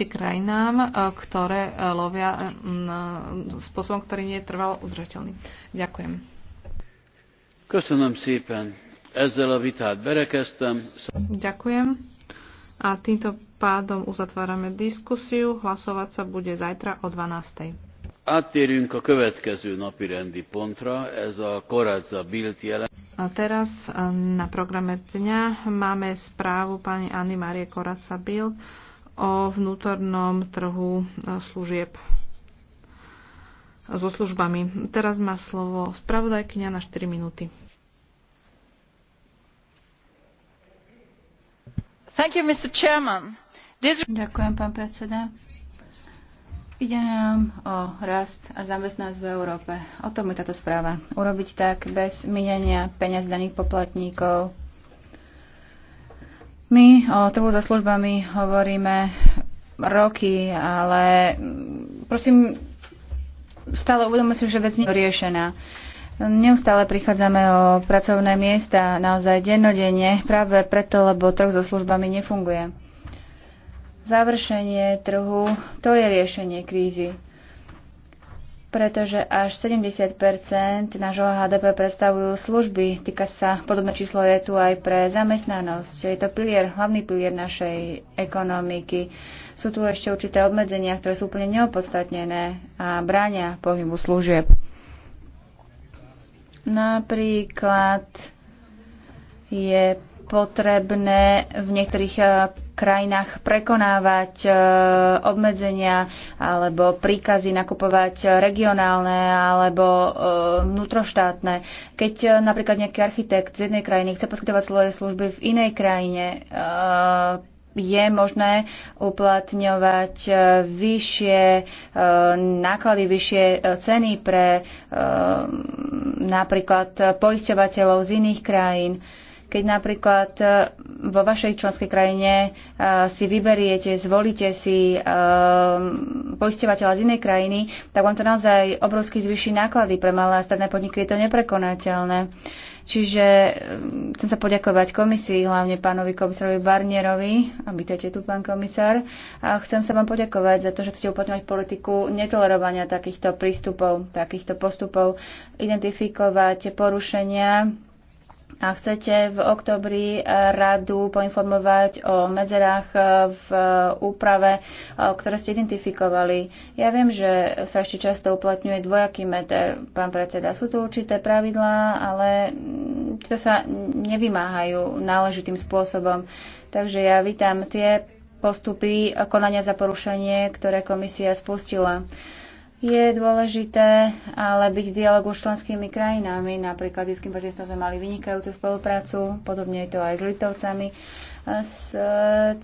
proti krajinám, e, ktoré e, lovia e, spôsobom, ktorý nie je trvalo udržateľný. Ďakujem. Köszönöm szépen. Ezzel a vitát berekeztem. Ďakujem. A týmto pádom uzatvárame diskusiu. Hlasovať sa bude zajtra o 12. Áttérünk a következő napi rendi pontra, ez a Koradza Bilt jelent. A teraz na programe dňa máme správu pani Anny Marie Koradza Bilt o vnútornom trhu e, služieb so službami. Teraz má slovo spravodajkňa na 4 minúty. Thank you, Mr. Chairman. This... Ďakujem, pán predseda. Ide nám o rast a zamestnanosť v Európe. O tom je táto správa. Urobiť tak bez minenia peniaz daných poplatníkov my o trhu za službami hovoríme roky, ale mm, prosím, stále uvedomujem si, že vec nie je riešená. Neustále prichádzame o pracovné miesta naozaj dennodenne, práve preto, lebo trh so službami nefunguje. Završenie trhu, to je riešenie krízy pretože až 70 nášho HDP predstavujú služby. Týka sa, podobné číslo je tu aj pre zamestnanosť. Je to pilier, hlavný pilier našej ekonomiky. Sú tu ešte určité obmedzenia, ktoré sú úplne neopodstatnené a bránia pohybu služieb. Napríklad je potrebné v niektorých krajinách prekonávať e, obmedzenia alebo príkazy nakupovať regionálne alebo e, vnútroštátne. Keď e, napríklad nejaký architekt z jednej krajiny chce poskytovať svoje služby v inej krajine, je možné uplatňovať vyššie náklady, vyššie ceny pre napríklad poisťovateľov z iných krajín. Keď napríklad e, vo vašej členskej krajine e, si vyberiete, zvolíte si e, poisťovateľa z inej krajiny, tak vám to naozaj obrovsky zvyší náklady. Pre malé a stredné podniky je to neprekonateľné. Čiže chcem sa poďakovať komisii, hlavne pánovi komisárovi Barnierovi, a vítajte tu, pán komisár, a chcem sa vám poďakovať za to, že chcete uplatňovať politiku netolerovania takýchto prístupov, takýchto postupov, identifikovať porušenia a chcete v oktobri eh, radu poinformovať o medzerách eh, v eh, úprave, ktoré ste identifikovali. Ja viem, že sa ešte často uplatňuje dvojaký meter, pán predseda. Sú to určité pravidlá, ale mm, to sa nevymáhajú náležitým spôsobom. Takže ja vítam tie postupy konania za porušenie, ktoré komisia spustila. Je dôležité ale byť v dialogu s členskými krajinami. Napríklad s Líským sme mali vynikajúcu spoluprácu, podobne je to aj s Litovcami, s e,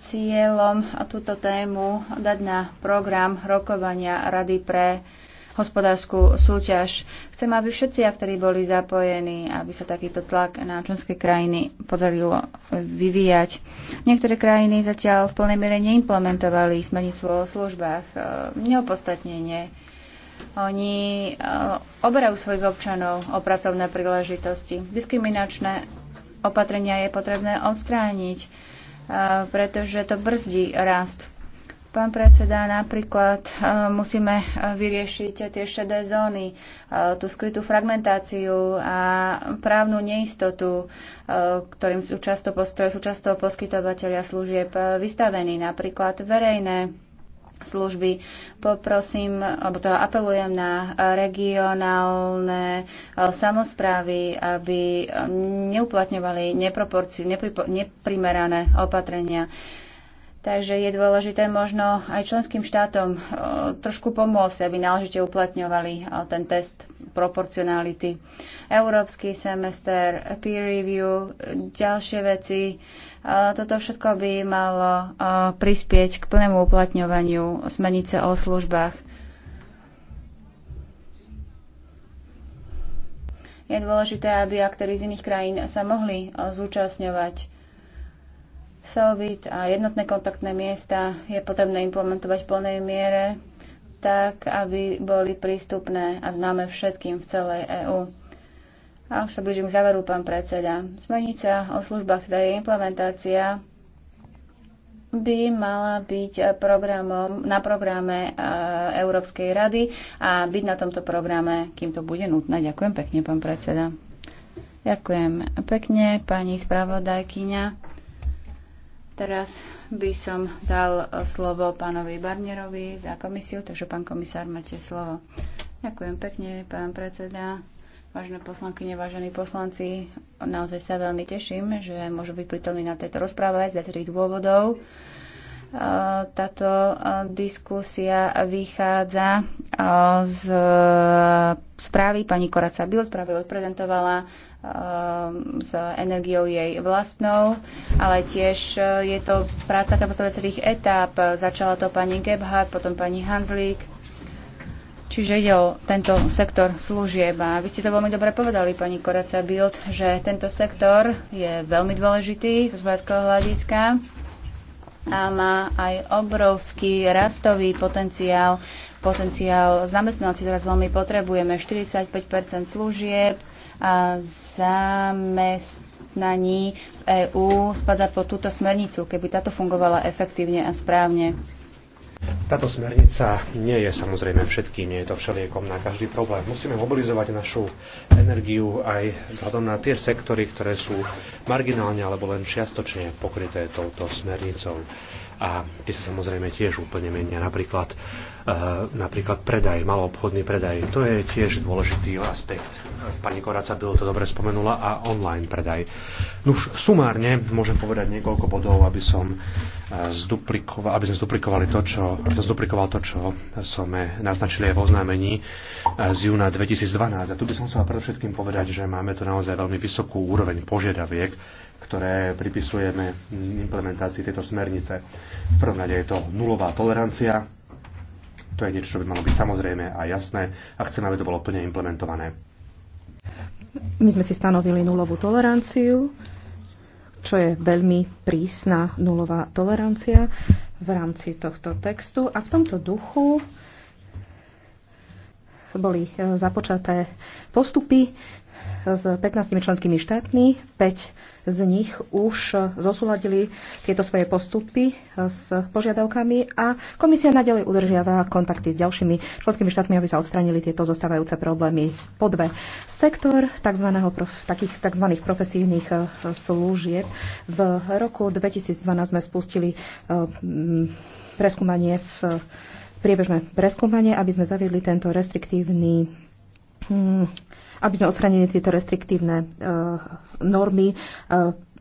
cieľom túto tému dať na program rokovania Rady pre hospodárskú súťaž. Chcem, aby všetci aktéri boli zapojení, aby sa takýto tlak na členské krajiny podarilo vyvíjať. Niektoré krajiny zatiaľ v plnej miere neimplementovali smernicu o službách. E, neopodstatnenie oni eh, oberajú svojich občanov o pracovné príležitosti. Diskriminačné opatrenia je potrebné odstrániť, eh, pretože to brzdí rast. Pán predseda, napríklad eh, musíme vyriešiť tie šedé zóny, tú skrytú fragmentáciu a právnu neistotu, ktorým sú často, sú často poskytovateľia služieb vystavení, napríklad verejné služby. Poprosím, alebo to teda apelujem na regionálne e, samozprávy, aby e, neuplatňovali neprimerané opatrenia. Takže je dôležité možno aj členským štátom e, trošku pomôcť, aby náležite uplatňovali e, ten test proporcionality. Európsky semester, peer review, ďalšie veci. E, toto všetko by malo prispieť k plnému uplatňovaniu smernice o službách. Je dôležité, aby aktéry z iných krajín sa mohli zúčastňovať Solvit a jednotné kontaktné miesta je potrebné implementovať v plnej miere tak, aby boli prístupné a známe všetkým v celej EÚ. A už sa blížim k záveru, pán predseda. Smernica o službách, teda jej implementácia, by mala byť programom, na programe e, Európskej rady a byť na tomto programe, kým to bude nutné. Ďakujem pekne, pán predseda. Ďakujem pekne, pani spravodajkyňa. Teraz by som dal eh, slovo pánovi Barnerovi za komisiu, takže pán komisár, máte slovo. Ďakujem pekne, pán predseda. Vážené poslankyne, vážení poslanci, naozaj sa veľmi teším, že môžu byť prítomní na tejto rozpráve z viacerých dôvodov. Eh, táto eh, diskusia vychádza z správy pani Koraca Bild, práve odprezentovala s energiou jej vlastnou, ale tiež e, je to práca, ktorá celých etáp. Začala to pani Gebhardt, potom pani Hanslík. Čiže ide o tento sektor služieb. A vy ste to veľmi dobre povedali, pani Koraca Bild, že tento sektor je veľmi dôležitý z hospodárskeho hľadiska a má aj obrovský rastový potenciál, potenciál zamestnanosti, teraz veľmi potrebujeme 45 služieb, zamestnaní v EÚ spadá pod túto smernicu, keby táto fungovala efektívne a správne. Táto smernica nie je samozrejme všetkým, nie je to všeliekom na každý problém. Musíme mobilizovať našu energiu aj vzhľadom na tie sektory, ktoré sú marginálne alebo len čiastočne pokryté touto smernicou a tie sa samozrejme tiež úplne menia. Napríklad, uh, napríklad predaj, maloobchodný predaj, to je tiež dôležitý aspekt. Pani Koráca bylo to dobre spomenula a online predaj. Nuž, sumárne môžem povedať niekoľko bodov, aby som eh, zduplikova, aby sme zduplikovali to, čo, aby som zduplikoval to, čo sme naznačili aj v oznámení eh, z júna 2012. A tu by som chcel predovšetkým povedať, že máme tu naozaj veľmi vysokú úroveň požiadaviek ktoré pripisujeme implementácii tejto smernice. V prvom rade je to nulová tolerancia, to je niečo, čo by malo byť samozrejme a jasné a chceme, aby to bolo plne implementované. My sme si stanovili nulovú toleranciu, čo je veľmi prísna nulová tolerancia v rámci tohto textu a v tomto duchu boli e, započaté postupy s 15 členskými štátmi. 5 z nich už zosúladili tieto svoje postupy e, s požiadavkami a komisia nadalej udržiava kontakty s ďalšími členskými štátmi, aby sa odstranili tieto zostávajúce problémy. Po dve, sektor tzv. takých tzv. profesívnych e, služieb. V roku 2012 sme spustili preskúmanie v priebežné preskúmanie, aby sme zaviedli tento restriktívny hm, aby sme odstranili tieto restriktívne e, normy e,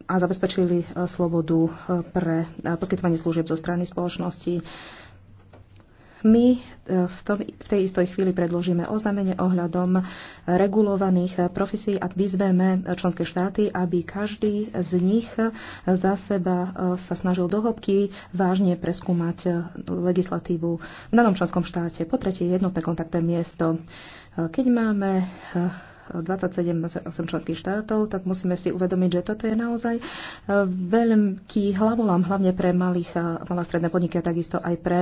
a zabezpečili eh, slobodu pre poskytovanie služieb zo strany spoločnosti. E, my e, v, tom, v tej istej chvíli predložíme oznámenie ohľadom regulovaných profesí a vyzveme členské štáty, aby každý z nich za seba e, sa snažil dohlbky vážne preskúmať e, legislatívu v danom členskom štáte. Po tretie, jednotné kontaktné miesto. Keď máme 27 členských štátov, tak musíme si uvedomiť, že toto je naozaj veľký hlavolám, hlavne pre malých, malá stredné podniky a takisto aj pre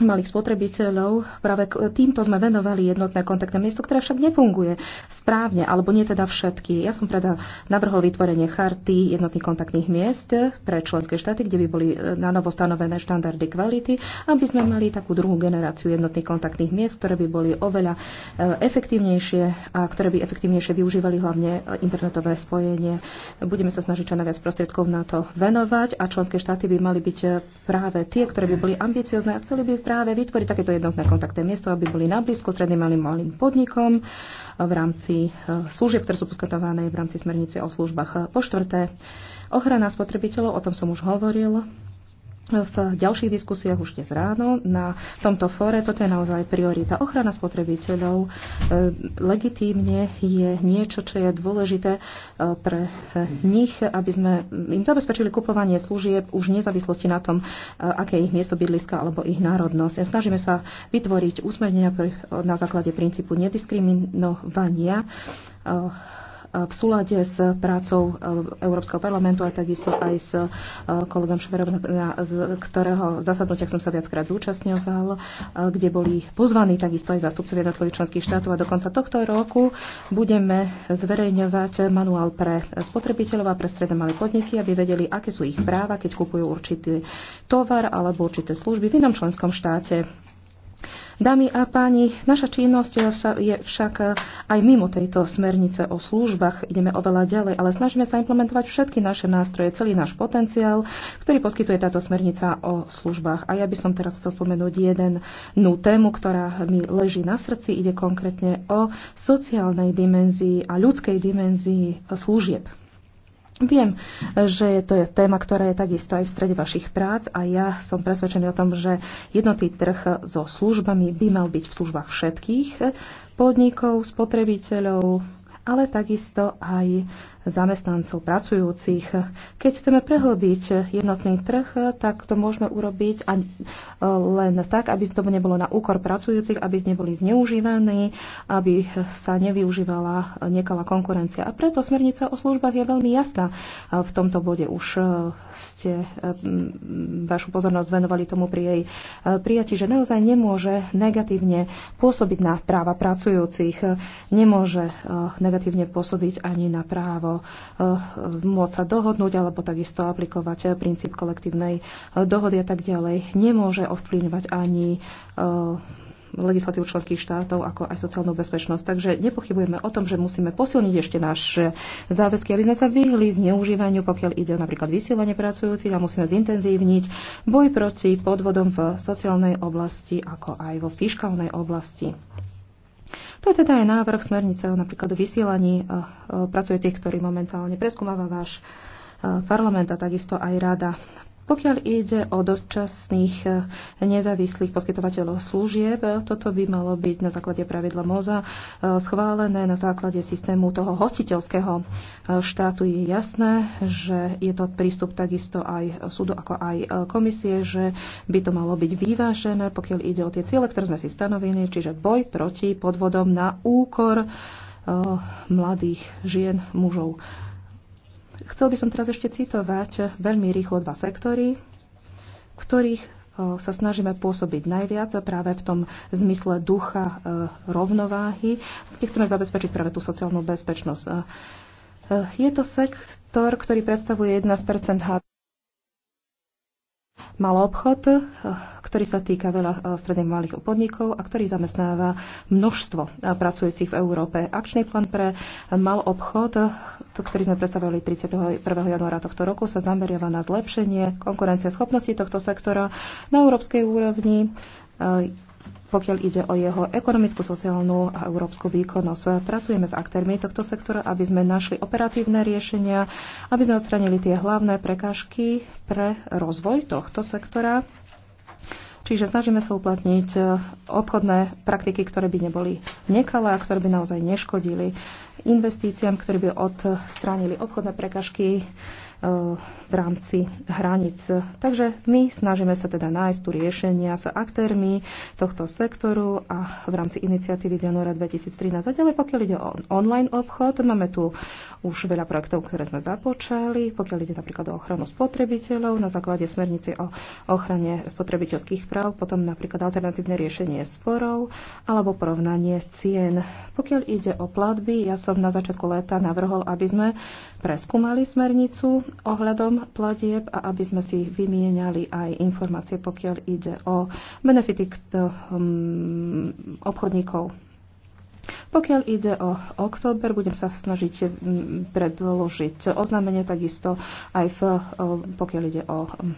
malých spotrebiteľov. Práve týmto sme venovali jednotné kontaktné miesto, ktoré však nefunguje správne, alebo nie teda všetky. Ja som teda navrhol vytvorenie charty jednotných kontaktných miest pre členské štáty, kde by boli e, na novo stanovené štandardy kvality, aby sme mali takú druhú generáciu jednotných kontaktných miest, ktoré by boli oveľa e, efektívnejšie a ktoré by efektívnejšie využívali hlavne e, internetové spojenie. Budeme sa snažiť čo najviac prostriedkov na to venovať a členské štáty by mali byť práve tie, ktoré by boli ambiciozne a chceli by práve vytvoriť takéto jednotné kontaktné miesto, aby boli na blízko stredným malým malým podnikom v rámci e, služieb, ktoré sú poskytované v rámci smernice o službách. E, po štvrté, ochrana spotrebiteľov, o tom som už hovoril, v ďalších diskusiách už dnes ráno na tomto fóre. Toto je naozaj priorita. Ochrana spotrebiteľov e, legitímne je niečo, čo je dôležité e, pre nich, aby sme im zabezpečili kupovanie služieb už nezávislosti na tom, e, aké ich miesto bydliska alebo ich národnosť. Snažíme sa vytvoriť úsmernenia na základe princípu nediskriminovania v súlade s prácou eh, Európskeho parlamentu a takisto aj s eh, kolegom Šverom, z ktorého zasadnutia som sa viackrát zúčastňoval, eh, kde boli pozvaní takisto aj zastupcovia jednotlivých členských štátov a do konca tohto roku budeme zverejňovať manuál pre spotrebiteľov a pre stredné malé podniky, aby vedeli, aké sú ich práva, keď kupujú určitý tovar alebo určité služby v inom členskom štáte Dámy a páni, naša činnosť je však e, aj mimo tejto smernice o službách. Ideme oveľa ďalej, ale snažíme sa implementovať všetky naše nástroje, celý náš potenciál, ktorý poskytuje táto smernica o službách. A ja by som teraz chcel spomenúť jednu tému, ktorá mi leží na srdci. Ide konkrétne o sociálnej dimenzii a ľudskej dimenzii služieb. Viem, že to je téma, ktorá je takisto aj v strede vašich prác a ja som presvedčený o tom, že jednotný trh so službami by mal byť v službách všetkých podnikov, spotrebiteľov, ale takisto aj zamestnancov pracujúcich. Keď chceme prehlbiť jednotný trh, tak to môžeme urobiť e, len tak, aby to nebolo na úkor pracujúcich, aby neboli zneužívaní, aby sa nevyužívala nekalá konkurencia. A preto smernica o službách je veľmi jasná. V tomto bode už e, ste e, vašu pozornosť venovali tomu pri jej prijati, že naozaj nemôže negatívne pôsobiť na práva pracujúcich, nemôže negatívne negatívne pôsobiť ani na právo eh, môcť sa dohodnúť alebo takisto aplikovať eh, princíp kolektívnej eh, dohody a tak ďalej. Nemôže ovplyvňovať ani legislatívu členských štátov, ako aj sociálnu bezpečnosť. Takže nepochybujeme o tom, že musíme posilniť ešte naše záväzky, aby sme sa vyhli zneužívaniu, pokiaľ ide napríklad vysielanie pracujúcich a musíme zintenzívniť boj proti podvodom v sociálnej oblasti, ako aj vo fiskálnej oblasti. To je teda aj návrh smernice o napríklad vysielaní eh, eh, pracujúcich, ktorý momentálne preskúmava váš eh, parlament a takisto aj rada. Pokiaľ ide o dočasných eh, nezávislých poskytovateľov služieb, eh, toto by malo byť na základe pravidla MOZA eh, schválené na základe systému toho hostiteľského štátu. Je jasné, že je to prístup takisto aj súdu, ako aj komisie, že by to malo byť vyvážené, pokiaľ ide o tie ciele, ktoré sme si stanovili, čiže boj proti podvodom na úkor mladých žien, mužov. Chcel by som teraz ešte citovať veľmi rýchlo dva sektory, ktorých e, sa snažíme pôsobiť najviac práve v tom zmysle ducha e, rovnováhy, kde chceme zabezpečiť práve tú sociálnu bezpečnosť. E, je to sektor, ktorý predstavuje 11 HDP malý obchod, eh, ktorý sa týka veľa eh, stredných malých podnikov a ktorý zamestnáva množstvo eh, pracujúcich v Európe. Akčný plán pre mal obchod, ktorý sme predstavili 31. januára tohto roku, sa zameriava na zlepšenie konkurencie schopnosti tohto sektora na európskej úrovni pokiaľ ide o jeho ekonomickú, sociálnu a európsku výkonnosť. Pracujeme s aktérmi tohto sektora, aby sme našli operatívne riešenia, aby sme odstranili tie hlavné prekážky pre rozvoj tohto sektora. Čiže snažíme sa uplatniť eh, obchodné praktiky, ktoré by neboli nekalé a ktoré by naozaj neškodili investíciám, ktoré by odstránili obchodné prekažky v rámci hraníc. Takže my snažíme sa teda nájsť tu riešenia s aktérmi tohto sektoru a v rámci iniciatívy z januára 2013. Zatiaľ, pokiaľ ide o online obchod, máme tu už veľa projektov, ktoré sme započali, pokiaľ ide napríklad o ochranu spotrebiteľov na základe smernice o ochrane spotrebiteľských práv, potom napríklad alternatívne riešenie sporov alebo porovnanie cien. Pokiaľ ide o platby, ja som na začiatku leta navrhol, aby sme preskúmali smernicu ohľadom platieb a aby sme si vymieniali aj informácie, pokiaľ ide o benefity hm, obchodníkov. Pokiaľ ide o október, budem sa snažiť hm, predložiť oznámenie takisto aj v, pokiaľ ide o hm,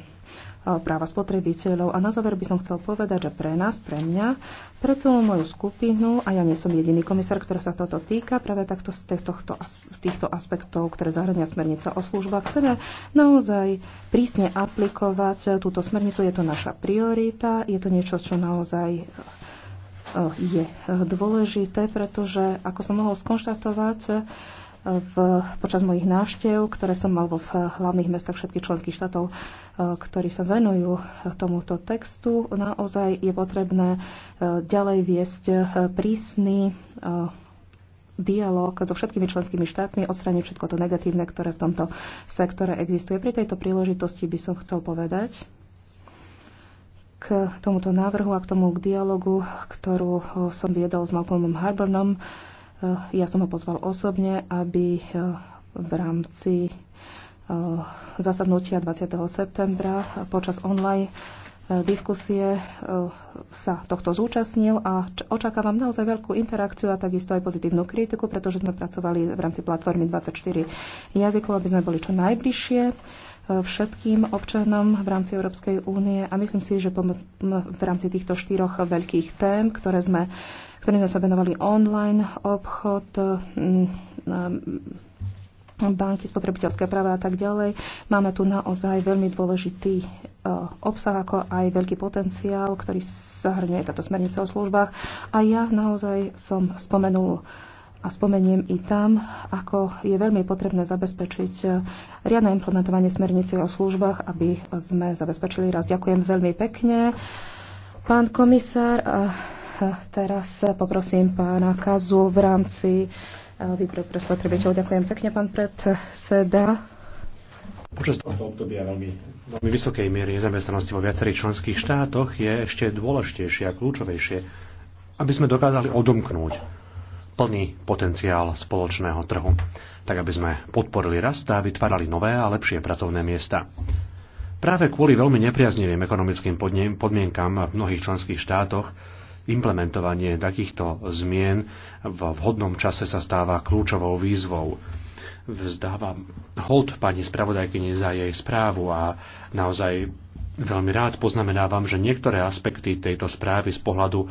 práva spotrebiteľov. A na záver by som chcel povedať, že pre nás, pre mňa, pre celú moju skupinu, a ja nie som jediný komisár, ktorý sa toto týka, práve takto z tohto, týchto aspektov, ktoré zahrania smernica o službách, chceme naozaj prísne aplikovať túto smernicu. Je to naša priorita, je to niečo, čo naozaj e, e, je e, dôležité, pretože, ako som mohol skonštatovať, v, počas mojich návštev, ktoré som mal vo hlavných mestách všetkých členských štátov, e, ktorí sa venujú tomuto textu. Naozaj je potrebné e, ďalej viesť e, prísny dialog so všetkými členskými štátmi, odstrániť všetko to negatívne, ktoré v tomto sektore existuje. Pri tejto príležitosti by som chcel povedať, k tomuto návrhu a k tomu k dialogu, ktorú som viedol s Malcolmom Harbornom, ja som ho pozval osobne, aby eh, v rámci eh, zasadnutia 20. septembra počas online eh, diskusie sa tohto zúčastnil a očakávam naozaj veľkú interakciu a takisto aj pozitívnu kritiku, pretože sme pracovali v rámci platformy 24 jazykov, aby sme boli čo najbližšie všetkým občanom v rámci Európskej únie a myslím si, že v rámci týchto štyroch veľkých tém, ktoré sme ktorým sme sa venovali online obchod, mm, mm, banky, spotrebiteľské práva a tak ďalej. Máme tu naozaj veľmi dôležitý e, obsah, ako aj veľký potenciál, ktorý zahrnie táto smernica o službách. A ja naozaj som spomenul a spomeniem i tam, ako je veľmi potrebné zabezpečiť e, riadne implementovanie smernice o službách, aby sme zabezpečili raz. Ďakujem veľmi pekne. Pán komisár, teraz poprosím pána Kazu v rámci e, výboru pre spotrebiteľov. Ďakujem pekne, pán predseda. Počas tohto obdobia veľmi, veľmi vysokej miery nezamestnanosti vo viacerých členských štátoch je ešte dôležitejšie a kľúčovejšie, aby sme dokázali odomknúť plný potenciál spoločného trhu, tak aby sme podporili rast a vytvárali nové a lepšie pracovné miesta. Práve kvôli veľmi nepriaznivým ekonomickým podmienkam v mnohých členských štátoch Implementovanie takýchto zmien v vhodnom čase sa stáva kľúčovou výzvou vzdávam hold pani spravodajkyni za jej správu a naozaj veľmi rád poznamenávam, že niektoré aspekty tejto správy z pohľadu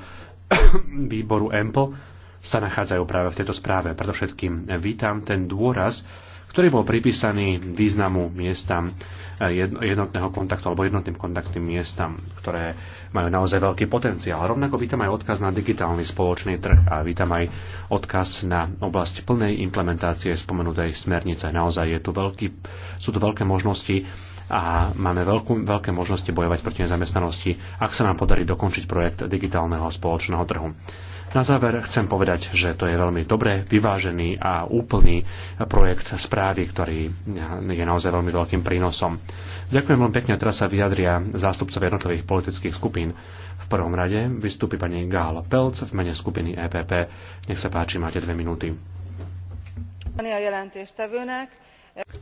výboru EMPO sa nachádzajú práve v tejto správe. Predovšetkým vítam ten dôraz ktorý bol pripísaný významu miestam eh, jednotného kontaktu alebo jednotným kontaktným miestam, ktoré majú naozaj veľký potenciál. Rovnako vítam aj odkaz na digitálny spoločný trh a vítam aj odkaz na oblasť plnej implementácie spomenutej smernice. Naozaj je tu veľký, sú tu veľké možnosti a máme veľkú, veľké možnosti bojovať proti nezamestnanosti, ak sa nám podarí dokončiť projekt digitálneho spoločného trhu. Na záver chcem povedať, že to je veľmi dobre vyvážený a úplný projekt správy, ktorý je naozaj veľmi veľkým prínosom. Ďakujem veľmi pekne, teraz sa vyjadria zástupcov jednotlivých politických skupín. V prvom rade vystúpi pani Gál Pelc v mene skupiny EPP. Nech sa páči, máte dve minúty.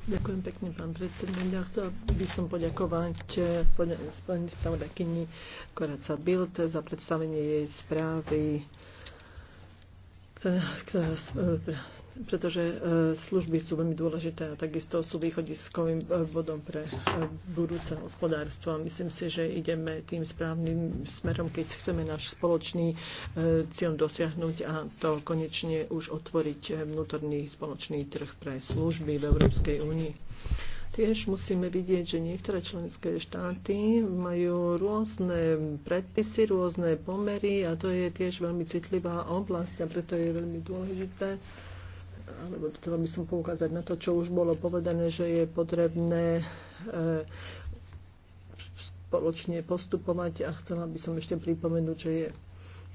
Ďakujem pekne, pán predsedník. Ja chcel by som poďakovať pani spravodajkyni Koraca Bild za predstavenie jej správy pretože e, služby sú veľmi dôležité a takisto sú východiskovým e, bodom pre e, budúce hospodárstvo. Myslím si, že ideme tým správnym smerom, keď chceme náš spoločný cieľ dosiahnuť a to konečne už otvoriť vnútorný spoločný trh pre služby v Európskej únii. Tiež musíme vidieť, že niektoré členské štáty majú rôzne predpisy, rôzne pomery a to je tiež veľmi citlivá oblasť a preto je veľmi dôležité, alebo chcela by som poukázať na to, čo už bolo povedané, že je potrebné eh, spoločne postupovať a chcela by som ešte pripomenúť, že je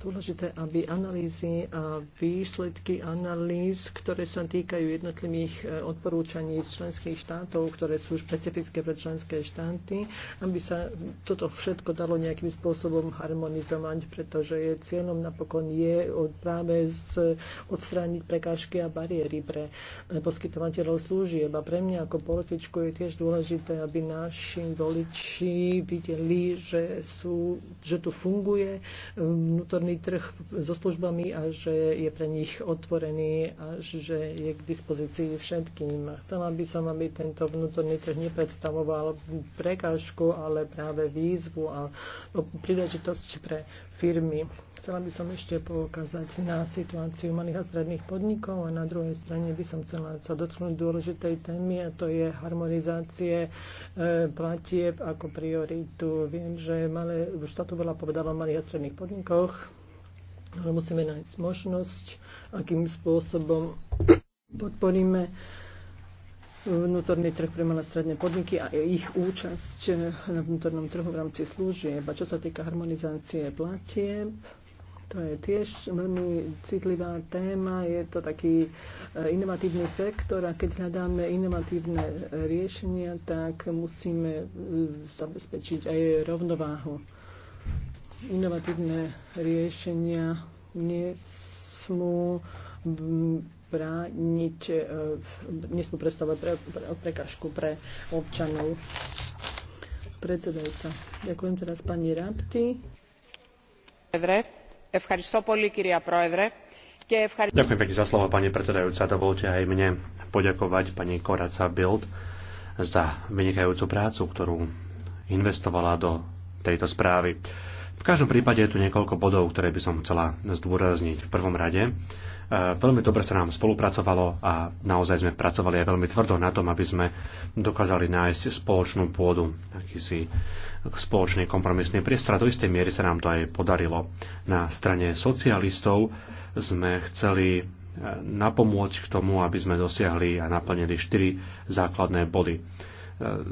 dôležité, aby analýzy a výsledky analýz, ktoré sa týkajú jednotlivých e, odporúčaní z členských štátov, ktoré sú špecifické pre členské štáty, aby sa toto všetko dalo nejakým spôsobom harmonizovať, pretože je cieľom napokon je práve z, odstrániť prekážky a bariéry pre e, poskytovateľov služieb. A pre mňa ako političku je tiež dôležité, aby naši voliči videli, že, sú, že tu funguje e, vnútorný voľný trh so službami a že je pre nich otvorený a že je k dispozícii všetkým. Chcela by som, aby tento vnútorný trh nepredstavoval prekážku, ale práve výzvu a príležitosť pre firmy. Chcela by som ešte poukázať na situáciu malých a stredných podnikov a na druhej strane by som chcela sa dotknúť dôležitej témy a to je harmonizácie e, platieb ako prioritu. Viem, že malé, už sa tu veľa povedalo o malých a stredných podnikoch, ale musíme nájsť možnosť, akým spôsobom podporíme vnútorný trh pre malé stredné podniky a ich účasť na vnútornom trhu v rámci služieb. A čo sa týka harmonizácie platieb, to je tiež veľmi citlivá téma. Je to taký e, inovatívny sektor a keď hľadáme inovatívne riešenia, tak musíme e, zabezpečiť aj rovnováhu inovatívne riešenia nesmú brániť, e, nesmú predstavovať pre, pre, prekažku pre občanov. Predsedajúca. Ďakujem teraz pani Rapti. Ďakujem pekne za slovo, pani predsedajúca. Dovolte aj mne poďakovať pani Koraca Bild za vynikajúcu prácu, ktorú investovala do tejto správy. V každom prípade je tu niekoľko bodov, ktoré by som chcela zdôrazniť. V prvom rade, e, veľmi dobre sa nám spolupracovalo a naozaj sme pracovali aj veľmi tvrdo na tom, aby sme dokázali nájsť spoločnú pôdu, akýsi spoločný kompromisný priestor. A do istej miery sa nám to aj podarilo. Na strane socialistov sme chceli e, napomôcť k tomu, aby sme dosiahli a naplnili štyri základné body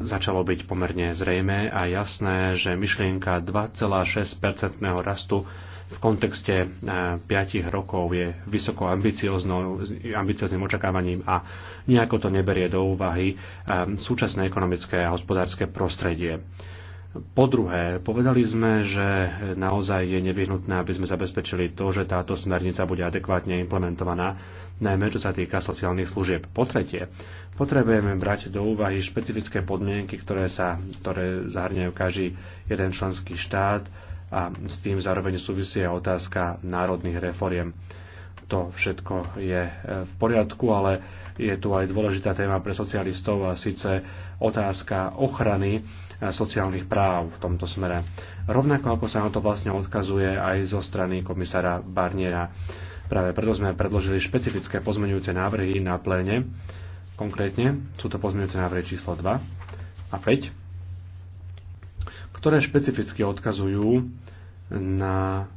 začalo byť pomerne zrejme a jasné, že myšlienka 2,6% rastu v kontexte 5 e, rokov je vysoko ambicioznou, očakávaním a nejako to neberie do úvahy e, súčasné ekonomické a hospodárske prostredie. Po druhé, povedali sme, že naozaj je nevyhnutné, aby sme zabezpečili to, že táto smernica bude adekvátne implementovaná, najmä čo sa týka sociálnych služieb. Po tretie, potrebujeme brať do úvahy špecifické podmienky, ktoré, sa, ktoré zahrňajú každý jeden členský štát a s tým zároveň súvisí aj otázka národných reforiem to všetko je eh, v poriadku, ale je tu aj dôležitá téma pre socialistov a síce otázka ochrany e, sociálnych práv v tomto smere. Rovnako ako sa na to vlastne odkazuje aj zo strany komisára Barniera. Práve preto sme predložili špecifické pozmeňujúce návrhy na pléne. Konkrétne sú to pozmeňujúce návrhy číslo 2 a 5, ktoré špecificky odkazujú na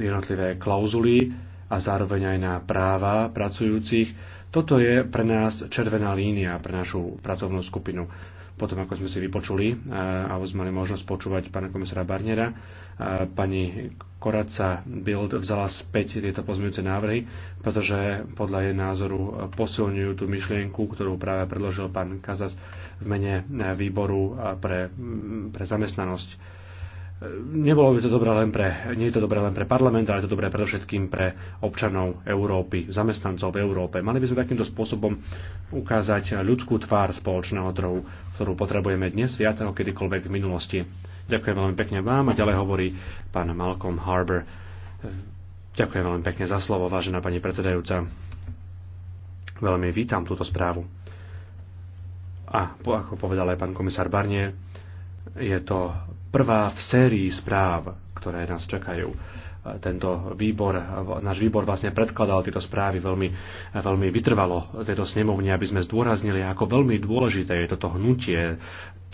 jednotlivé klauzuly a zároveň aj na práva pracujúcich toto je pre nás červená línia pre našu pracovnú skupinu. Potom, ako sme si vypočuli, eh, alebo sme mali možnosť počúvať pána komisára Barnera, eh, pani Koraca Bild vzala späť tieto pozmeňujúce návrhy, pretože podľa jej názoru posilňujú tú myšlienku, ktorú práve predložil pán Kazas v mene eh, výboru pre, mm, pre zamestnanosť nebolo by to dobré len pre, nie je to dobré len pre parlament, ale je to dobré predovšetkým pre občanov Európy, zamestnancov v Európe. Mali by sme takýmto spôsobom ukázať ľudskú tvár spoločného trhu, ktorú potrebujeme dnes viac ako kedykoľvek v minulosti. Ďakujem veľmi pekne vám a ďalej hovorí pán Malcolm Harbour. Ďakujem veľmi pekne za slovo, vážená pani predsedajúca. Veľmi vítam túto správu. A ako povedal aj pán komisár Barnier, je to prvá v sérii správ, ktoré nás čakajú tento výbor, náš výbor vlastne predkladal tieto správy veľmi, veľmi vytrvalo tejto snemovne, aby sme zdôraznili, ako veľmi dôležité je toto hnutie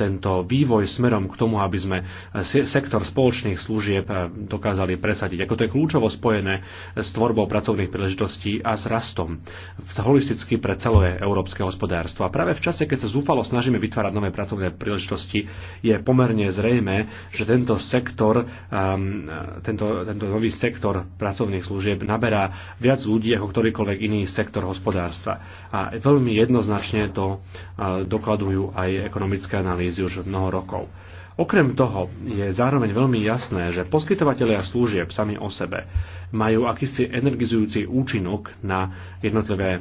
tento vývoj smerom k tomu, aby sme eh, sektor spoločných služieb eh, dokázali presadiť. Ako to je kľúčovo spojené s tvorbou pracovných príležitostí a s rastom holisticky pre celé európske hospodárstvo. A práve v čase, keď sa zúfalo snažíme vytvárať nové pracovné príležitosti, je pomerne zrejme, že tento sektor, um, tento, tento nový sektor pracovných služieb naberá viac ľudí ako ktorýkoľvek iný sektor hospodárstva. A veľmi jednoznačne to uh, dokladujú aj ekonomické analýzy krízy už mnoho rokov. Okrem toho je zároveň veľmi jasné, že poskytovateľia služieb sami o sebe majú akýsi energizujúci účinok na jednotlivé e,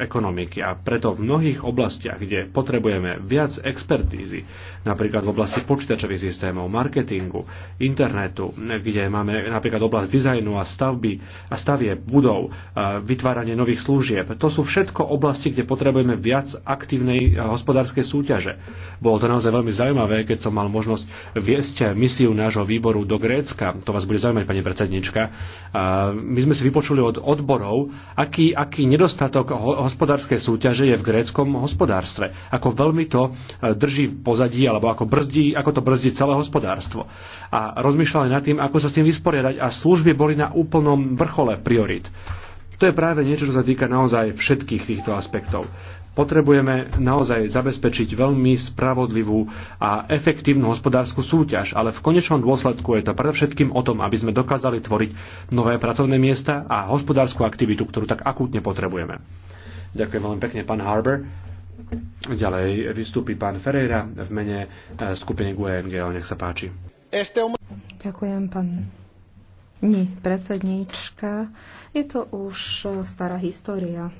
ekonomiky a preto v mnohých oblastiach, kde potrebujeme viac expertízy, napríklad v oblasti počítačových systémov, marketingu, internetu, kde máme napríklad oblasť dizajnu a stavby a stavie budov, e, vytváranie nových služieb, to sú všetko oblasti, kde potrebujeme viac aktívnej e, hospodárskej súťaže. Bolo to naozaj veľmi zaujímavé, keď som mal možnosť viesť misiu nášho výboru do Grécka. To vás bude zaujímať, pani predsednička. My sme si vypočuli od odborov, aký, aký nedostatok hospodárskej súťaže je v gréckom hospodárstve. Ako veľmi to e, drží v pozadí, alebo ako, brzdí, ako to brzdí celé hospodárstvo. A rozmýšľali nad tým, ako sa s tým vysporiadať a služby boli na úplnom vrchole priorit. To je práve niečo, čo sa týka naozaj všetkých týchto aspektov. Potrebujeme naozaj zabezpečiť veľmi spravodlivú a efektívnu hospodárskú súťaž, ale v konečnom dôsledku je to predovšetkým o tom, aby sme dokázali tvoriť nové pracovné miesta a hospodárskú aktivitu, ktorú tak akútne potrebujeme. Ďakujem veľmi pekne, pán Harber. Ďalej vystúpi pán Ferreira v mene eh, skupiny GUNGL. Nech sa páči. Ďakujem, pán nie, predsedníčka. Je to už eh, stará história.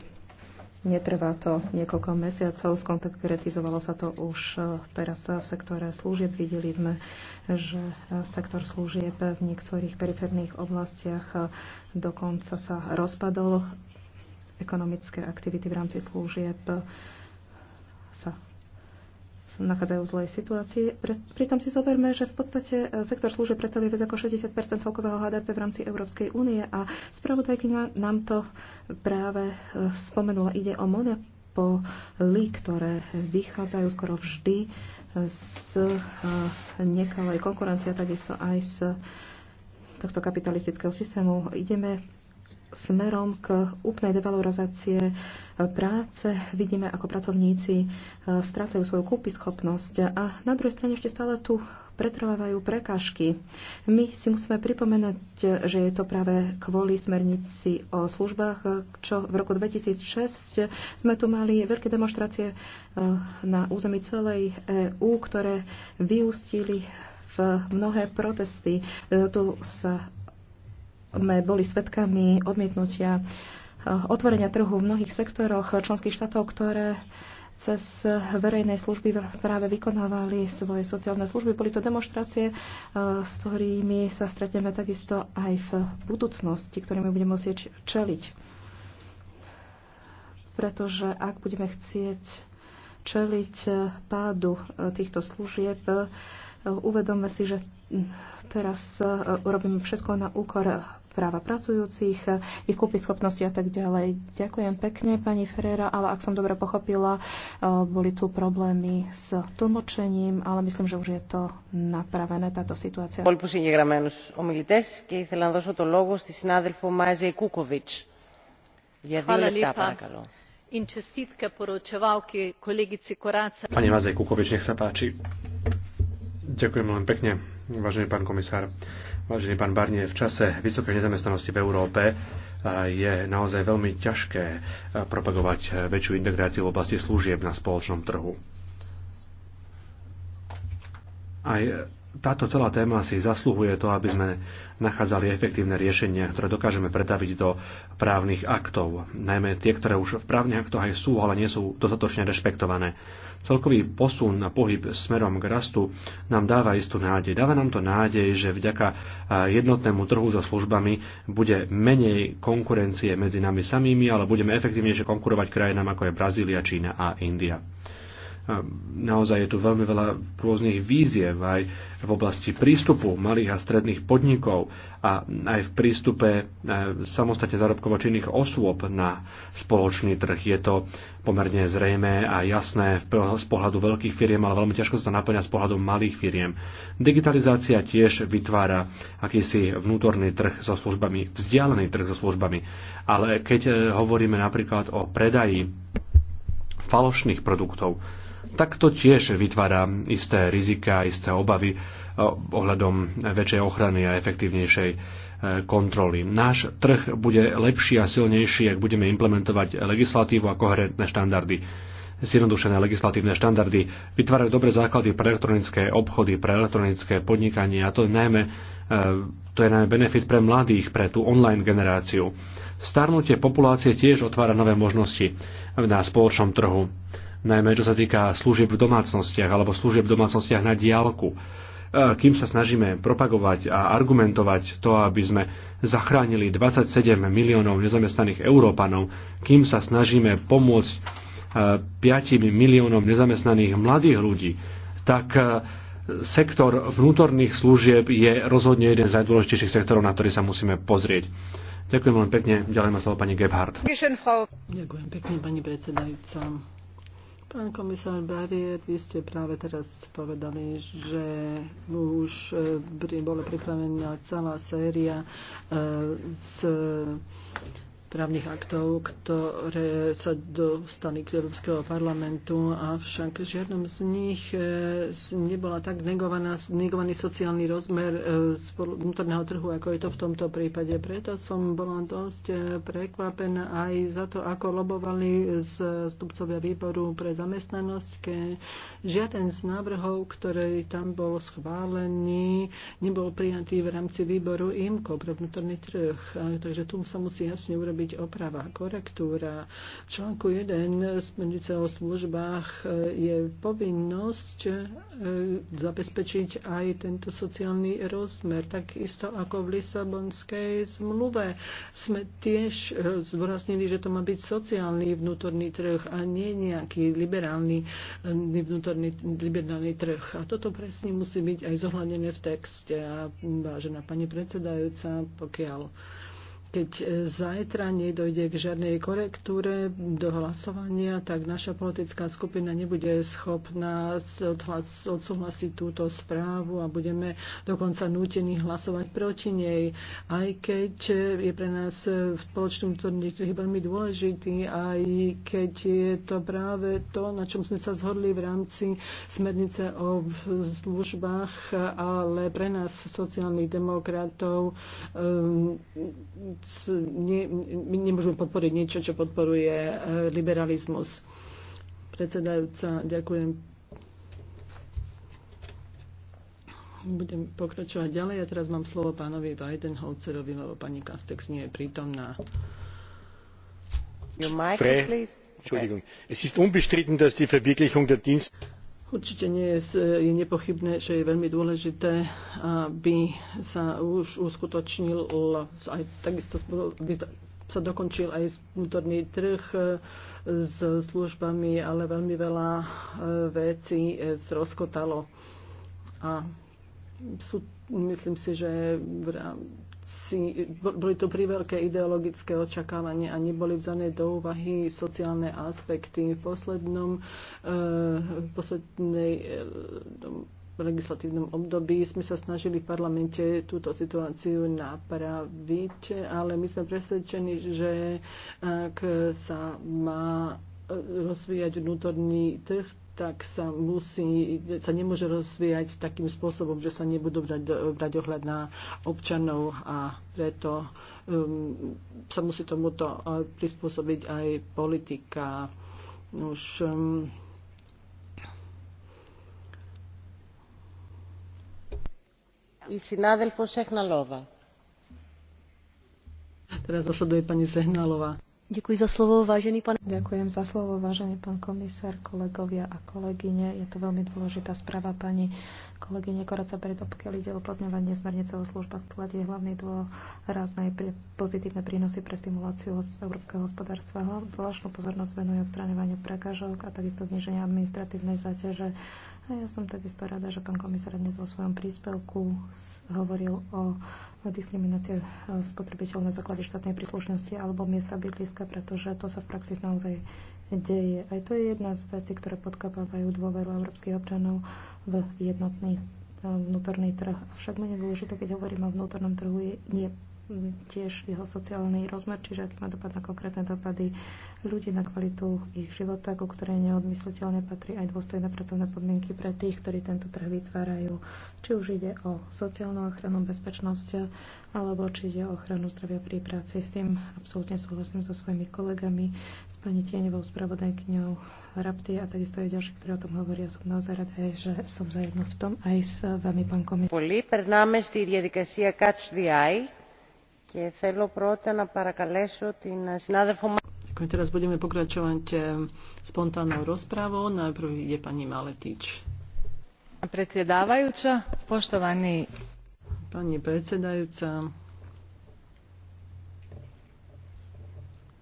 Netrvá to niekoľko mesiacov, skonkretizovalo sa to už e, teraz v sektore služieb. Videli sme, že e, sektor služieb v niektorých periférnych oblastiach e, dokonca sa rozpadol. Ekonomické aktivity v rámci služieb sa nachádzajú v zlej situácii. Pritom si zoberme, že v podstate e, sektor služieb predstavuje viac ako 60 celkového HDP v rámci Európskej únie a spravodajkyňa nám to práve e, spomenula. Ide o monopoly, ktoré vychádzajú skoro vždy e, z nekalej konkurencie takisto aj z tohto kapitalistického systému. Ideme smerom k úplnej devalorizácie práce. Vidíme, ako pracovníci e, strácajú svoju kúpyschopnosť a na druhej strane ešte stále tu pretrvávajú prekážky. My si musíme pripomenúť, že je to práve kvôli smernici o službách, čo v roku 2006 sme tu mali veľké demonstrácie e, na území celej EÚ, ktoré vyústili v mnohé protesty. E, tu sa sme boli svedkami odmietnutia eh, otvorenia trhu v mnohých sektoroch členských štátov, ktoré cez verejné služby práve vykonávali svoje sociálne služby. Boli to demonstrácie, eh, s ktorými sa stretneme takisto aj v budúcnosti, ktorými budeme musieť čeliť. Pretože ak budeme chcieť čeliť eh, pádu týchto služieb, Uvedomme si, že teraz e, robíme všetko na úkor práva pracujúcich, ich schopnosti a tak ďalej. Ďakujem pekne, pani Ferreira, ale ak som dobre pochopila, e, boli tu problémy s tlmočením, ale myslím, že už je to napravené, táto situácia. Πολύ συγγεγραμμένους ομιλητές και ήθελα να δώσω το λόγο στη συνάδελφο Μάζε Κούκοβιτς. Για δύο λεπτά, παρακαλώ. In čestitke poročevalki kolegici Koraca. Pani Mazej Kukovič, nech sa páči. Ďakujem veľmi pekne, vážený pán komisár. Vážený pán Barnier, v čase vysokej nezamestnanosti v Európe je naozaj veľmi ťažké propagovať väčšiu integráciu v oblasti služieb na spoločnom trhu. Aj táto celá téma si zasluhuje to, aby sme nachádzali efektívne riešenia, ktoré dokážeme pretaviť do právnych aktov, najmä tie, ktoré už v právnych aktoch aj sú, ale nie sú dostatočne rešpektované. Celkový posun na pohyb smerom k rastu nám dáva istú nádej. Dáva nám to nádej, že vďaka jednotnému trhu so službami bude menej konkurencie medzi nami samými, ale budeme efektívnejšie konkurovať krajinám ako je Brazília, Čína a India. Naozaj je tu veľmi veľa rôznych víziev aj v oblasti prístupu malých a stredných podnikov a aj v prístupe e, samostatne zárobkovo činných osôb na spoločný trh. Je to pomerne zrejme a jasné z pohľadu veľkých firiem, ale veľmi ťažko sa to naplňa z pohľadu malých firiem. Digitalizácia tiež vytvára akýsi vnútorný trh so službami, vzdialený trh so službami. Ale keď e, hovoríme napríklad o predaji falošných produktov, tak to tiež vytvára isté rizika, isté obavy e, ohľadom väčšej ochrany a efektívnejšej e, kontroly. Náš trh bude lepší a silnejší, ak budeme implementovať legislatívu a koherentné štandardy. Zjednodušené legislatívne štandardy vytvárajú dobré základy pre elektronické obchody, pre elektronické podnikanie a to je najmä, e, to je najmä benefit pre mladých, pre tú online generáciu. Starnutie populácie tiež otvára nové možnosti na spoločnom trhu najmä čo sa týka služieb v domácnostiach alebo služieb v domácnostiach na diálku. E, kým sa snažíme propagovať a argumentovať to, aby sme zachránili 27 miliónov nezamestnaných Európanov, kým sa snažíme pomôcť 5 e, miliónom nezamestnaných mladých ľudí, tak e, sektor vnútorných služieb je rozhodne jeden z najdôležitejších sektorov, na ktorý sa musíme pozrieť. Ďakujem veľmi pekne. Ďalej má slovo pani Gebhardt. Ďakujem pekne, pani predsedajúca Pán komisár Barier, vy ste práve teraz povedali, že už e, bola pripravená celá séria z e, právnych aktov, ktoré sa dostali k Európskeho parlamentu, avšak v žiadnom z nich e, nebola tak negovaná, negovaný sociálny rozmer e, vnútorného trhu, ako je to v tomto prípade. Preto som bola dosť e, prekvapená aj za to, ako lobovali stupcovia výboru pre zamestnanosť. Žiaden z návrhov, ktorý tam bol schválený, nebol prijatý v rámci výboru IMCO pre vnútorný trh. Takže tu sa musí jasne urobiť byť oprava, korektúra. V článku 1 smernice o službách e, je povinnosť e, zabezpečiť aj tento sociálny rozmer. Takisto ako v Lisabonskej zmluve sme tiež e, zvoraznili, že to má byť sociálny vnútorný trh a nie nejaký liberálny vnútorný liberálny trh. A toto presne musí byť aj zohľadené v texte. A vážená pani predsedajúca, pokiaľ keď e, zajtra nedojde k žiadnej korektúre do hlasovania, tak naša politická skupina nebude schopná odsúhlasiť túto správu a budeme dokonca nútení hlasovať proti nej. Aj keď e, je pre nás e, v spoločnom niektorých veľmi dôležitý, aj keď je to práve to, na čom sme sa zhodli v rámci smernice o službách, ale pre nás sociálnych demokratov ne, my nemôžeme podporiť niečo, čo podporuje eh, liberalizmus. Predsedajúca, ďakujem. Budem pokračovať ďalej. Ja teraz mám slovo pánovi Weidenholcerovi, lebo pani Kastex nie je prítomná. Your mic, please. Entschuldigung. Es ist unbestritten, dass die Verwirklichung der Dienst Určite nie je, je nepochybné, že je veľmi dôležité, aby sa už uskutočnil aj takisto by sa dokončil aj vnútorný trh e, s službami, ale veľmi veľa e, vecí e, zrozkotalo. A sú, myslím si, že si, boli tu priveľké ideologické očakávania a neboli vzané do úvahy sociálne aspekty. V poslednom, eh, v poslednej v eh, legislatívnom období sme sa snažili v parlamente túto situáciu napraviť, ale my sme presvedčení, že ak sa má eh, rozvíjať vnútorný trh, tak sa, musí, sa nemôže rozvíjať takým spôsobom, že sa nebudú brať, brať ohľad na občanov a preto um, sa musí tomuto uh, prispôsobiť aj politika. Už um, I synádελφος Σεχναλόβα. Teraz zasleduje pani Sehnalova. Ďakujem za slovo, vážený pán... Ďakujem za slovo, vážený pán komisár, kolegovia a kolegyne. Je to veľmi dôležitá správa pani kolegyne Koraca Bredo, pokiaľ ide o uplatňovanie smernice o službách, kladie hlavný dôraz na pozitívne prínosy pre stimuláciu európskeho hospodárstva. Zvláštnu pozornosť venuje odstraňovaniu prekážok a takisto zniženia administratívnej záťaže a ja som takisto rada, že pán komisár dnes vo svojom príspevku hovoril o diskriminácii eh, spotrebiteľov na základe štátnej príslušnosti alebo miesta bydliska, pretože to sa v praxi naozaj deje. Aj to je jedna z vecí, ktoré podkapávajú dôveru európskych občanov v jednotný eh, vnútorný trh. Však menej dôležité, keď hovoríme o vnútornom trhu, je, nie tiež jeho sociálny rozmer, čiže aký má dopad na konkrétne dopady ľudí na kvalitu ich života, ku ktorej neodmysliteľne patrí aj dôstojné pracovné podmienky pre tých, ktorí tento trh vytvárajú. Či už ide o sociálnu ochranu, bezpečnosť, alebo či ide o ochranu zdravia pri práci. S tým absolútne súhlasím so svojimi kolegami, s pani Tieňovou spravodajkňou Rapty a takisto aj ďalší, ktorí o tom hovoria. Som naozaj rada, že som zajedno v tom aj s vami, pán komisár. Teraz budeme pokračovať spontánnou rozprávou. Najprv ide pani Maletič. Predsedávajúca, poštovaní. Pani predsedajúca,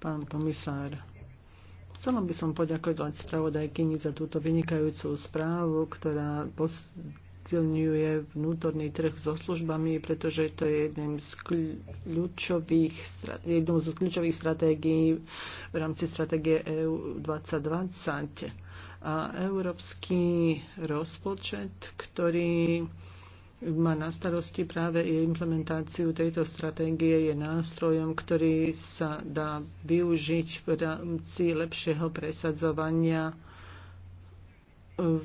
pán komisár. Chcela by som poďakovať spravodajkyni za túto vynikajúcu správu, ktorá posilňuje vnútorný trh so službami, pretože to je jedným z kľúčových, jednou z kľúčových stratégií v rámci stratégie EU 2020. A európsky rozpočet, ktorý má na starosti práve implementáciu tejto stratégie, je nástrojom, ktorý sa dá využiť v rámci lepšieho presadzovania v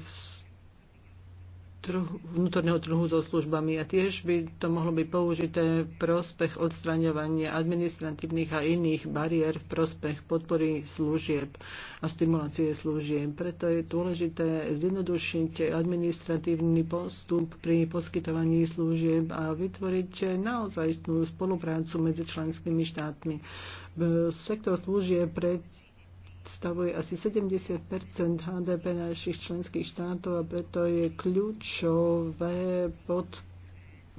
trhu, vnútorného trhu so službami a tiež by to mohlo byť použité v prospech odstraňovania administratívnych a iných bariér v prospech podpory služieb a stimulácie služieb. Preto je dôležité zjednodušiť administratívny postup pri poskytovaní služieb a vytvoriť naozajstnú spoluprácu medzi členskými štátmi. Sektor služieb pred predstavuje asi 70 HDP našich členských štátov a preto je kľúčové pod,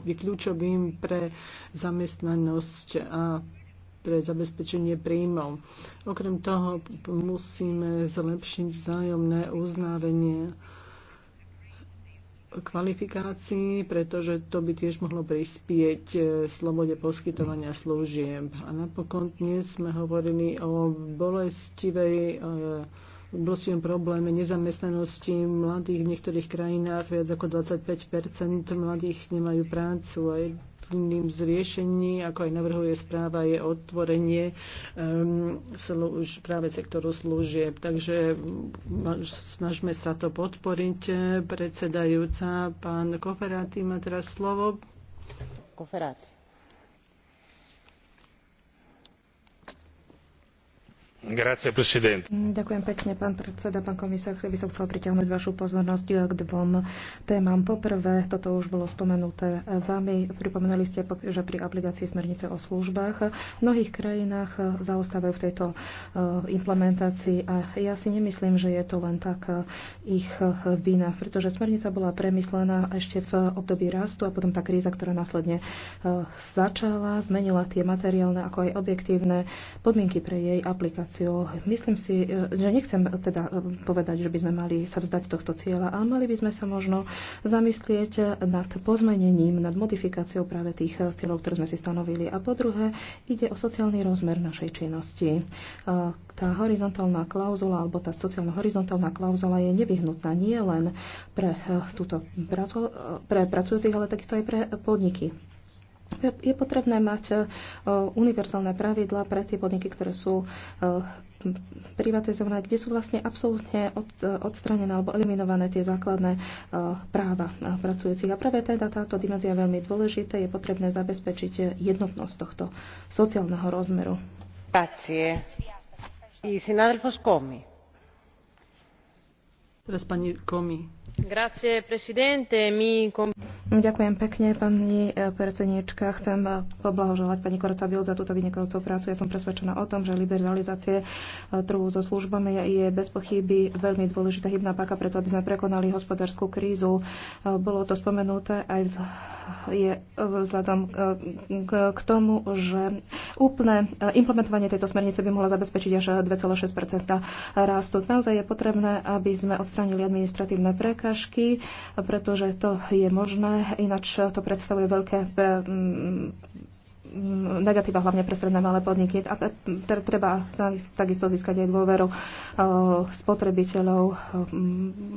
je kľúčovým pre zamestnanosť a pre zabezpečenie príjmov. Okrem toho musíme zlepšiť vzájomné uznávenie kvalifikácií, pretože to by tiež mohlo prispieť e, slobode poskytovania služieb. A napokon dnes sme hovorili o bolestivej e, bolestivom probléme nezamestnanosti mladých v niektorých krajinách. Viac ako 25 mladých nemajú prácu. A jedným z riešení, ako aj navrhuje správa, je otvorenie um, ehm, služ, práve sektoru služieb. Takže mm, snažme sa to podporiť. Predsedajúca, pán Koferáty má teraz slovo. Koferáty. Ďakujem pekne, pán predseda, pán komisár. By som chcel priťahnuť vašu pozornosť k dvom témam. Poprvé, toto už bolo spomenuté vami. Pripomenuli ste, že pri aplikácii smernice o službách v mnohých krajinách zaostávajú v tejto eh, implementácii a ja si nemyslím, že je to len tak eh, ich eh, vina, pretože smernica bola premyslená ešte v období rastu a potom tá kríza, ktorá následne začala, zmenila tie materiálne ako aj objektívne podmienky pre jej aplikáciu migráciou. Myslím si, e, že nechcem e, teda e, povedať, že by sme mali sa vzdať tohto cieľa, ale mali by sme sa možno zamyslieť nad pozmenením, nad modifikáciou práve tých cieľov, ktoré sme si stanovili. A po druhé, ide o sociálny rozmer našej činnosti. Tá horizontálna klauzula alebo tá sociálna horizontálna klauzula je nevyhnutná nie len pre, túto, pre pracujúcich, ale takisto aj pre podniky je potrebné mať e, univerzálne pravidla pre tie podniky, ktoré sú e, privatizované, kde sú vlastne absolútne odstranené alebo eliminované tie základné e, práva pracujúcich. A práve teda táto dimenzia je veľmi dôležité. Je potrebné zabezpečiť jednotnosť tohto sociálneho rozmeru. Teraz pani Komi. Grazie, presidente. Mi... Ďakujem pekne, pani e, predsedníčka. Chcem e, poblahoželať pani Korca za túto vynikajúcu prácu. Ja som presvedčená o tom, že liberalizácie trhu so službami je bez pochyby veľmi dôležitá hybná páka preto, aby sme prekonali hospodárskú krízu. E, bolo to spomenuté aj je vzhľadom k tomu, že úplné implementovanie tejto smernice by mohla zabezpečiť až 2,6 rastu. Naozaj je potrebné, aby sme odstránili administratívne prekažky, pretože to je možné ináč to predstavuje veľké e, mm, negatíva hlavne pre stredné malé podniky. A treba takisto získať aj dôveru e, spotrebiteľov. E,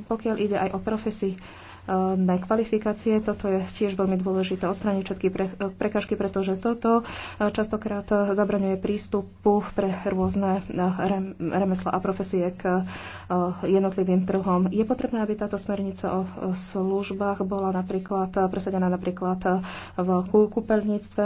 pokiaľ ide aj o profesii, Ehm, na kvalifikácie. Toto je tiež veľmi dôležité odstrániť všetky pre, e, prekažky, pretože toto e, častokrát e, zabraňuje prístupu pre rôzne remesla a profesie k jednotlivým trhom. Je potrebné, aby táto smernica o službách bola napríklad presadená napríklad v kúpeľníctve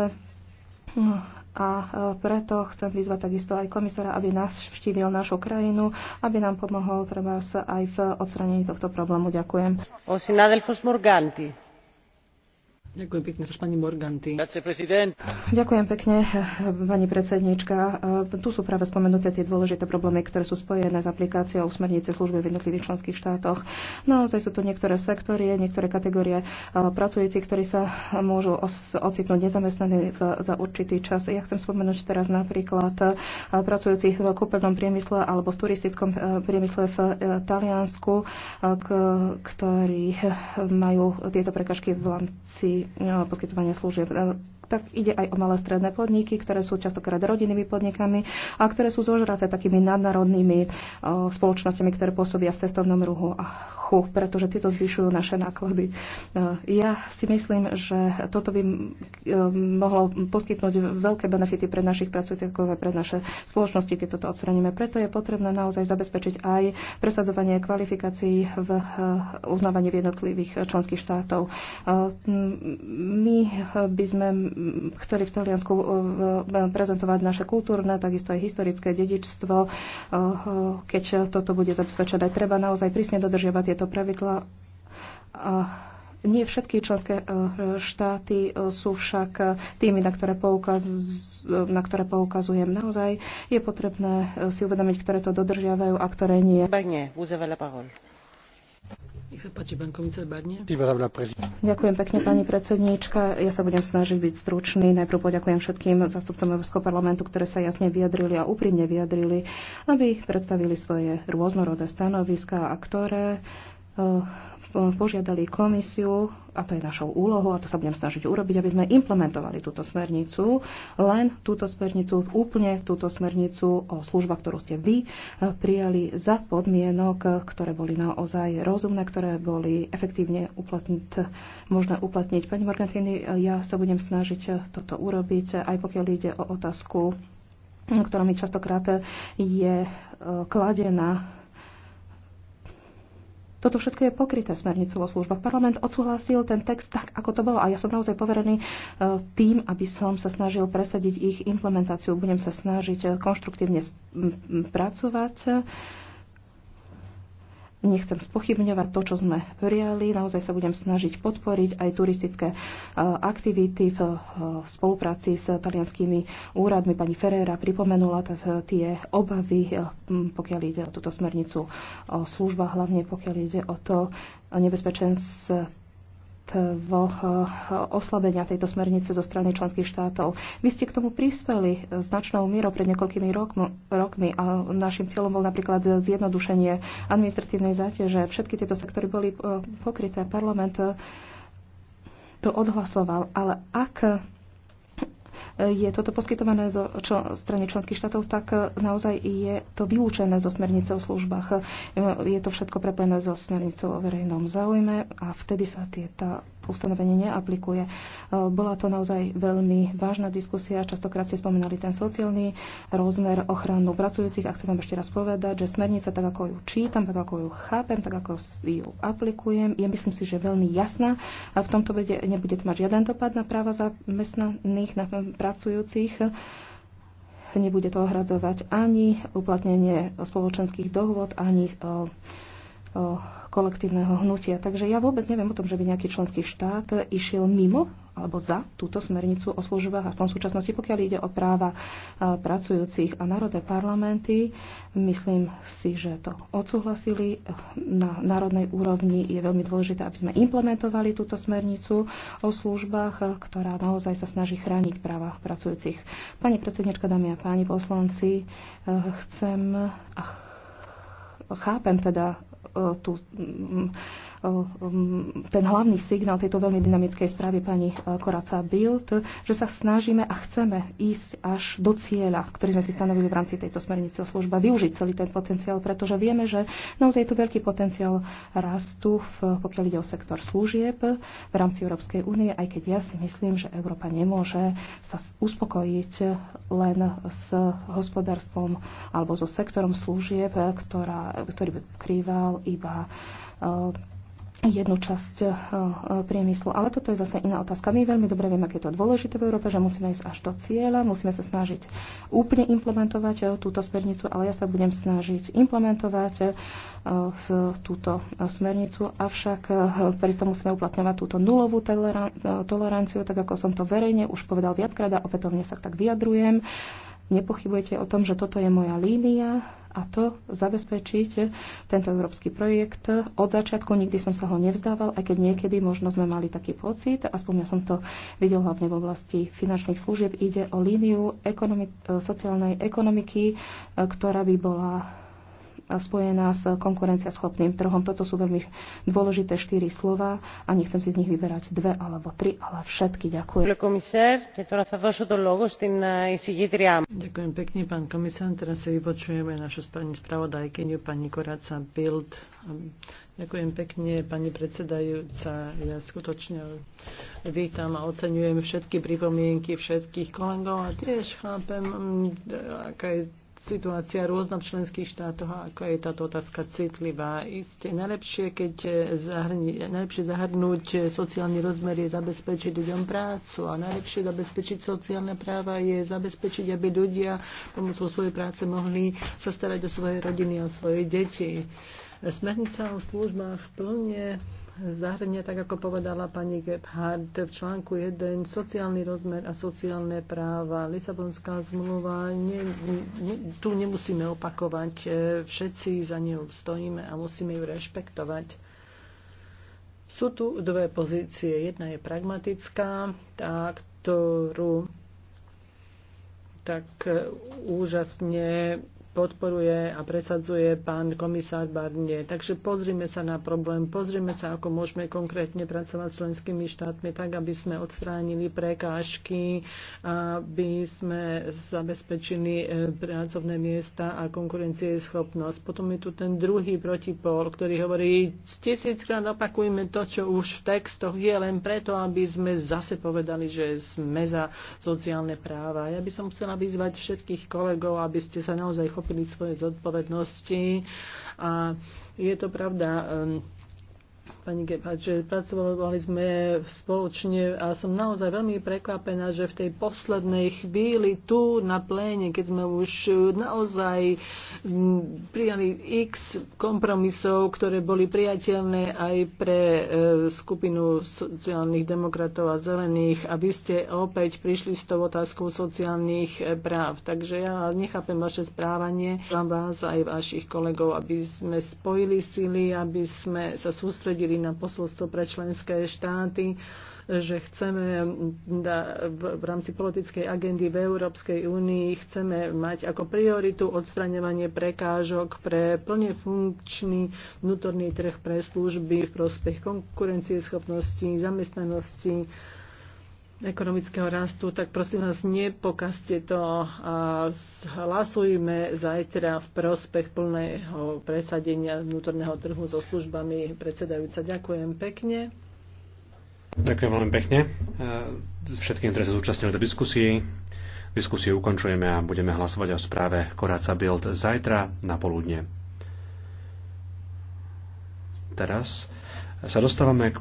a e, preto chcem vyzvať takisto aj komisára, aby navštívil našu krajinu, aby nám pomohol treba aj v odstranení tohto problému. Ďakujem. Ďakujem pekne, pani Morganti. Ďakujem pekne, pani predsednička. Tu sú práve spomenuté tie dôležité problémy, ktoré sú spojené s aplikáciou smernice služby v jednotlivých členských štátoch. Naozaj sú to niektoré sektory, niektoré kategórie pracujúcich, ktorí sa môžu ocitnúť nezamestnaní za určitý čas. Ja chcem spomenúť teraz napríklad pracujúcich v kúpeľnom priemysle alebo v turistickom e, priemysle v e, Taliansku, ktorí majú tieto prekažky v rámci poskytovania služieb tak ide aj o malé stredné podniky, ktoré sú častokrát rodinnými podnikami a ktoré sú zožraté takými nadnárodnými e, spoločnosťami, ktoré pôsobia v cestovnom ruhu a chu, pretože tieto zvyšujú naše náklady. E, ja si myslím, že toto by e, mohlo poskytnúť veľké benefity pre našich pracujúcich, ako aj pre naše spoločnosti, keď toto odstraníme. Preto je potrebné naozaj zabezpečiť aj presadzovanie kvalifikácií v uznávaní v jednotlivých členských štátov. My by sme chceli v Taliansku e, e, prezentovať naše kultúrne, takisto aj historické dedičstvo. E, keď toto bude zabezpečené, treba naozaj prísne dodržiavať tieto pravidla. Nie všetky členské štáty sú však tými, na ktoré, poukaz, na ktoré poukazujem. Naozaj je potrebné si uvedomiť, ktoré to dodržiavajú a ktoré nie. Ďakujem pekne, pani predsedníčka. Ja sa budem snažiť byť stručný. Najprv poďakujem všetkým zastupcom Európskeho parlamentu, ktoré sa jasne vyjadrili a úprimne vyjadrili, aby predstavili svoje rôznorodé stanoviska a ktoré eh, požiadali komisiu, a to je našou úlohou, a to sa budem snažiť urobiť, aby sme implementovali túto smernicu, len túto smernicu, úplne túto smernicu o službách, ktorú ste vy e, prijali za podmienok, ktoré boli naozaj rozumné, ktoré boli efektívne uplatniť, možné uplatniť. Pani Morgantini, e, ja sa budem snažiť e, toto urobiť, aj pokiaľ ide o otázku ktorá mi častokrát je kladená toto všetko je pokryté smernicou o službách. Parlament odsúhlasil ten text tak, ako to bolo a ja som naozaj poverený e, tým, aby som sa snažil presadiť ich implementáciu. Budem sa snažiť e, konštruktívne pracovať nechcem spochybňovať to, čo sme prijali. Naozaj sa budem snažiť podporiť aj turistické e, aktivity e, v spolupráci s talianskými úradmi. Pani Ferreira pripomenula tie obavy, e, pokiaľ ide o túto smernicu o službách, hlavne pokiaľ ide o to nebezpečenstvo dvoch eh, oslabenia tejto smernice zo strany členských štátov. Vy ste k tomu prispeli značnou mierou pred niekoľkými rokmi a našim cieľom bol napríklad zjednodušenie administratívnej záťaže. Všetky tieto sektory boli eh, pokryté. Parlament eh, to odhlasoval, ale ak je toto poskytované zo čo, strany členských štátov, tak naozaj je to vylúčené zo smernice o službách. Je to všetko prepojené so smernicou o verejnom záujme a vtedy sa tie, tá ustanovenie neaplikuje. E, bola to naozaj veľmi vážna diskusia. Častokrát ste spomínali ten sociálny rozmer ochranu pracujúcich. A chcem vám ešte raz povedať, že smernica, tak ako ju čítam, tak ako ju chápem, tak ako ju aplikujem, je myslím si, že veľmi jasná. A v tomto bude, nebude to mať žiaden dopad na práva zamestnaných, na pracujúcich nebude to ohradzovať ani uplatnenie spoločenských dohôd, ani e, kolektívneho hnutia. Takže ja vôbec neviem o tom, že by nejaký členský štát išiel mimo alebo za túto smernicu o službách, A v súčasnosti, pokiaľ ide o práva pracujúcich a národné parlamenty. Myslím si, že to odsúhlasili. Na národnej úrovni je veľmi dôležité, aby sme implementovali túto smernicu o službách, ktorá naozaj sa snaží chrániť práva pracujúcich. Pani predsednička, dámy a páni poslanci, e, chcem... Ach, chápem teda e, tú ten hlavný signál tejto veľmi dynamickej správy pani eh, Koraca Bild, že sa snažíme a chceme ísť až do cieľa, ktorý sme si stanovili v rámci tejto smernice o služba, využiť celý ten potenciál, pretože vieme, že naozaj je tu veľký potenciál rastu, v, pokiaľ ide o sektor služieb v rámci Európskej únie, aj keď ja si myslím, že Európa nemôže sa uspokojiť len s hospodárstvom alebo so sektorom služieb, eh, ktorá, ktorý by krýval iba eh, jednu časť eh, eh, priemyslu. Ale toto je zase iná otázka. My veľmi dobre vieme, aké je to dôležité v Európe, že musíme ísť až do cieľa, musíme sa snažiť úplne implementovať eh, túto smernicu, ale ja sa budem snažiť implementovať túto smernicu, avšak pritom musíme uplatňovať túto nulovú toleranciu, tak ako som to verejne už povedal viackrát a opätovne sa tak vyjadrujem nepochybujete o tom, že toto je moja línia a to zabezpečiť tento európsky projekt. Od začiatku nikdy som sa ho nevzdával, aj keď niekedy možno sme mali taký pocit, aspoň ja som to videl hlavne v oblasti finančných služieb, ide o líniu ekonomi- sociálnej ekonomiky, ktorá by bola spojená s konkurenciaschopným trhom. Toto sú veľmi dôležité štyri slova a nechcem si z nich vyberať dve alebo tri, ale všetky. Ďakujem. Ďakujem pekne, pán komisár. Teraz si vypočujeme našu pani spravodajkyňu, pani Koráca Bild. Ďakujem pekne, pani predsedajúca. Ja skutočne vítam a oceňujem všetky pripomienky všetkých kolegov a tiež chápem, aká je situácia rôzna v členských štátoch a ako je táto otázka citlivá. Isté najlepšie, keď eh, zahrni, najlepšie zahrnúť eh, sociálny rozmer je zabezpečiť ľuďom prácu a najlepšie zabezpečiť sociálne práva je zabezpečiť, aby ľudia pomocou svojej práce mohli sa starať o svoje rodiny a svoje deti. Smernica o službách plne zahrňa, tak ako povedala pani Gebhardt, v článku 1 sociálny rozmer a sociálne práva. Lisabonská zmluva, ne, ne, tu nemusíme opakovať, e, všetci za ňou stojíme a musíme ju rešpektovať. Sú tu dve pozície. Jedna je pragmatická, tá, ktorú tak e, úžasne podporuje a presadzuje pán komisár Barnier. Takže pozrime sa na problém, pozrime sa, ako môžeme konkrétne pracovať s členskými štátmi, tak aby sme odstránili prekážky, aby sme zabezpečili eh, pracovné miesta a konkurencieschopnosť. Potom je tu ten druhý protipol, ktorý hovorí, tisíckrát opakujme to, čo už v textoch je, len preto, aby sme zase povedali, že sme za sociálne práva. Ja by som chcela vyzvať všetkých kolegov, aby ste sa naozaj chopili pochopili svoje zodpovednosti a je to pravda pani Gebhardt, že pracovali sme spoločne a som naozaj veľmi prekvapená, že v tej poslednej chvíli tu na pléne, keď sme už naozaj prijali x kompromisov, ktoré boli priateľné aj pre e, skupinu sociálnych demokratov a zelených a vy ste opäť prišli s tou otázkou sociálnych e, práv. Takže ja nechápem vaše správanie, vám vás aj vašich kolegov, aby sme spojili sily, aby sme sa sústredili na posolstvo pre členské štáty, že chceme v rámci politickej agendy v Európskej únii chceme mať ako prioritu odstraňovanie prekážok pre plne funkčný vnútorný trh pre služby v prospech konkurencieschopnosti, zamestnanosti, ekonomického rastu, tak prosím vás, nepokazte to a hlasujme zajtra v prospech plného presadenia vnútorného trhu so službami predsedajúca. Ďakujem pekne. Ďakujem veľmi pekne e, všetkým, ktorí sa zúčastnili do diskusii. Diskusiu ukončujeme a budeme hlasovať o správe Koráca Build zajtra na poludne. Teraz sa dostávame k